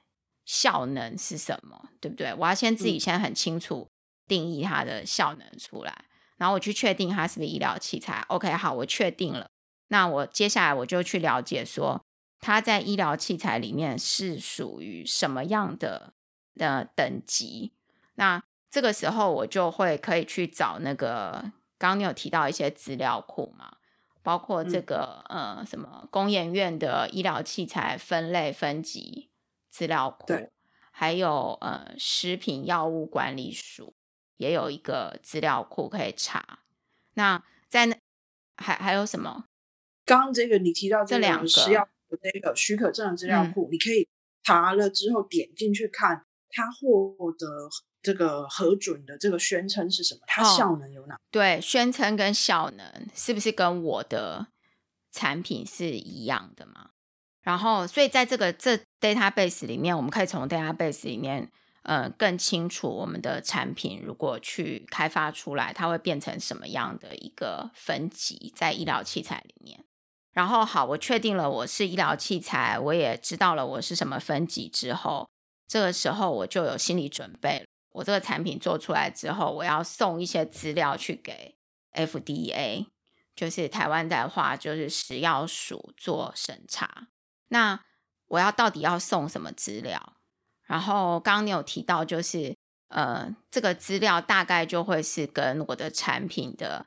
效能是什麼，對不對？我要先自己先很清楚定義它的效能出來。然後我去確定它是不是醫療器材。OK，好，我確定了。那我接下來我就去了解說，它在醫療器材裡面是屬於什麼樣的的、呃、等級。那這個時候我就會可以去找那個剛剛你有提到一些資料庫嘛，包括這個、嗯、呃什麼工研院的醫療器材分類分級資料庫，對還有呃食品藥物管理署，也有一個資料庫可以查，那在那還還有什麼？剛剛這個你提到這兩個食藥那個許可證的資料庫，嗯、你可以查了之後點進去看，它獲得這個核准的這個宣稱是什麼，哦、它效能有哪？對，宣稱跟效能是不是跟我的產品是一樣的嘛，然後，所以在這個這 database 裡面，我們可以從 database 裡面。呃、嗯，更清楚我們的產品如果去開發出來，它會變成什麼樣的一個分級在醫療器材裡面。然後好，我確定了我是醫療器材，我也知道了我是什麼分級之後，這個時候我就有心理準備了。我這個產品做出來之後，我要送一些資料去給 FDA，就是台灣的話就是食藥署做審查。那我要到底要送什麼資料？然後剛剛你有提到，就是呃，這個資料大概就會是跟我的產品的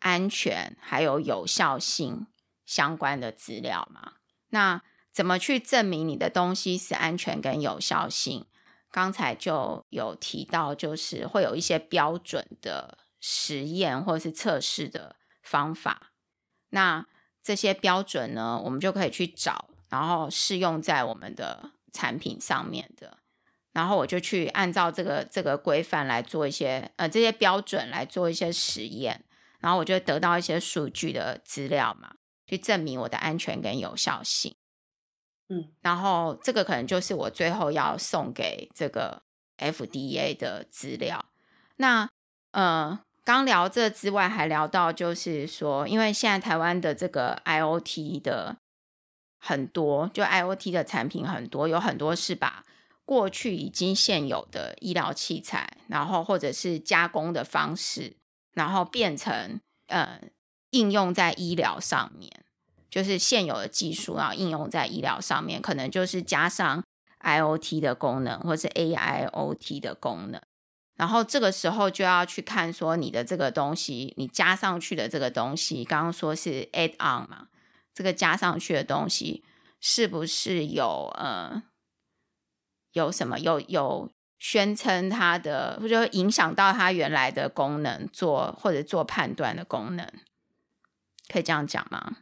安全還有有效性相關的資料嘛？那怎麼去證明你的東西是安全跟有效性？剛才就有提到，就是會有一些標準的實驗或是測試的方法。那這些標準呢，我們就可以去找，然後適用在我們的。產品上面的，然後我就去按照這個這個規範來做一些呃這些標準來做一些實驗，然後我就得到一些數據的資料嘛，去證明我的安全跟有效性。嗯，然後這個可能就是我最後要送給這個 FDA 的資料。那呃，剛聊這之外，還聊到就是說，因為現在台灣的這個 IoT 的，很多，就 IoT 的產品很多，有很多是把過去已經現有的醫療器材，然後或者是加工的方式，然後變成嗯應用在醫療上面，就是現有的技術，然後應用在醫療上面，可能就是加上 IoT 的功能，或是 AIoT 的功能，然後這個時候就要去看說你的這個東西，你加上去的這個東西，剛剛說是 add on 嘛？這個加上去的東西是不是有呃有什麼有有宣稱它的或者影響到它原來的功能做或者做判斷的功能，可以這樣講嗎？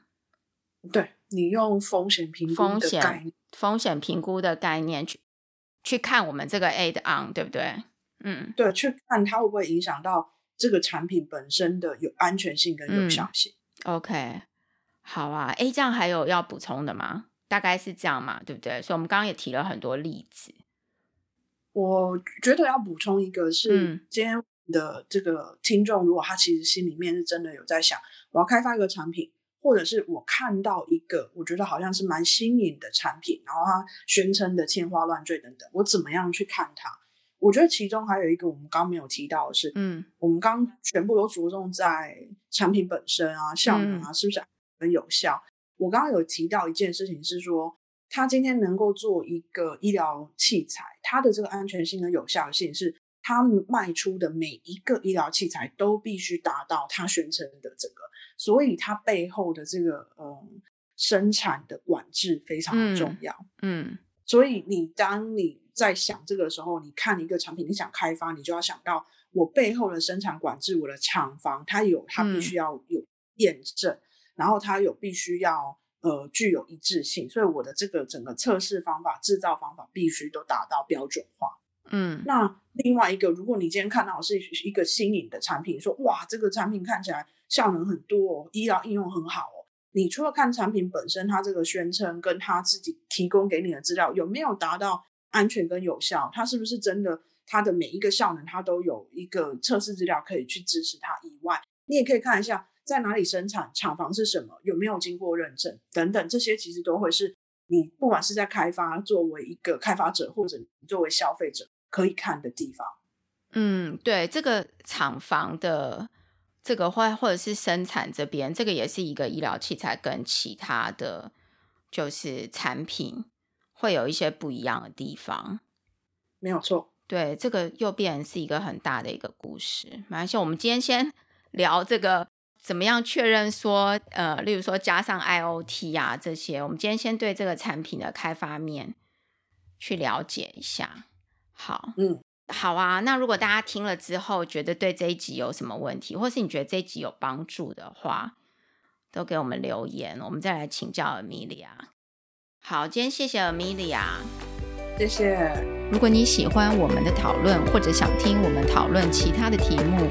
對，你用風險評估的概念，風險、風險評估的概念去去看我們這個 add on 對不對？嗯，對，去看它會不會影響到這個產品本身的有安全性跟有效性。嗯，OK。好啊，哎，這樣還有要補充的嗎？大概是這樣嘛，對不對？所以我們剛剛也提了很多例子。我覺得要補充一個是，是、嗯、今天的這個聽眾，如果他其實心裡面是真的有在想，我要開發一個產品，或者是我看到一個我覺得好像是蠻新穎的產品，然後他宣稱的天花亂墜等等，我怎麼樣去看它？我覺得其中還有一個我們剛、剛沒有提到的是，嗯，我們剛全部都着重在產品本身啊、項目啊，嗯、是不是？很有效。我剛剛有提到一件事情，是說他今天能夠做一個醫療器材，它的這個安全性和有效性是，是他賣出的每一個醫療器材都必須達到他宣稱的這個，所以它背後的這個嗯生產的管制非常重要。嗯，嗯所以你當你在想這個時候，你看一個產品，你想開發，你就要想到我背後的生產管制，我的廠房它有，它必須要有驗證。嗯然後它有必須要呃具有一致性，所以我的這個整個測試方法、製造方法必須都達到標準化。嗯，那另外一個，如果你今天看到是一個新穎的產品，說哇，這個產品看起來效能很多哦，醫療應用很好哦，你除了看產品本身，它這個宣稱跟它自己提供給你的資料有沒有達到安全跟有效，它是不是真的，它的每一個效能它都有一個測試資料可以去支持它以外，你也可以看一下。在哪裡生產？廠房是什麼？有沒有經過認證？等等，這些其實都會是你不管是在開發，作為一個開發者或者作為消費者可以看的地方。嗯，對，這個廠房的這個或或者是生產這邊，這個也是一個醫療器材跟其他的就是產品會有一些不一樣的地方。沒有錯，對，這個又變成是一個很大的一個故事。沒關係，我們今天先聊這個。怎麼樣確認說，呃，例如說加上 IoT 呀、啊、這些，我們今天先對這個產品的開發面去了解一下。好，嗯，好啊。那如果大家聽了之後覺得對這一集有什麼問題，或是你覺得這一集有幫助的話，都給我們留言，我們再來請教 Amelia。好，今天謝謝 Amelia，謝謝。如果你喜歡我們的討論，或者想聽我們討論其他的題目。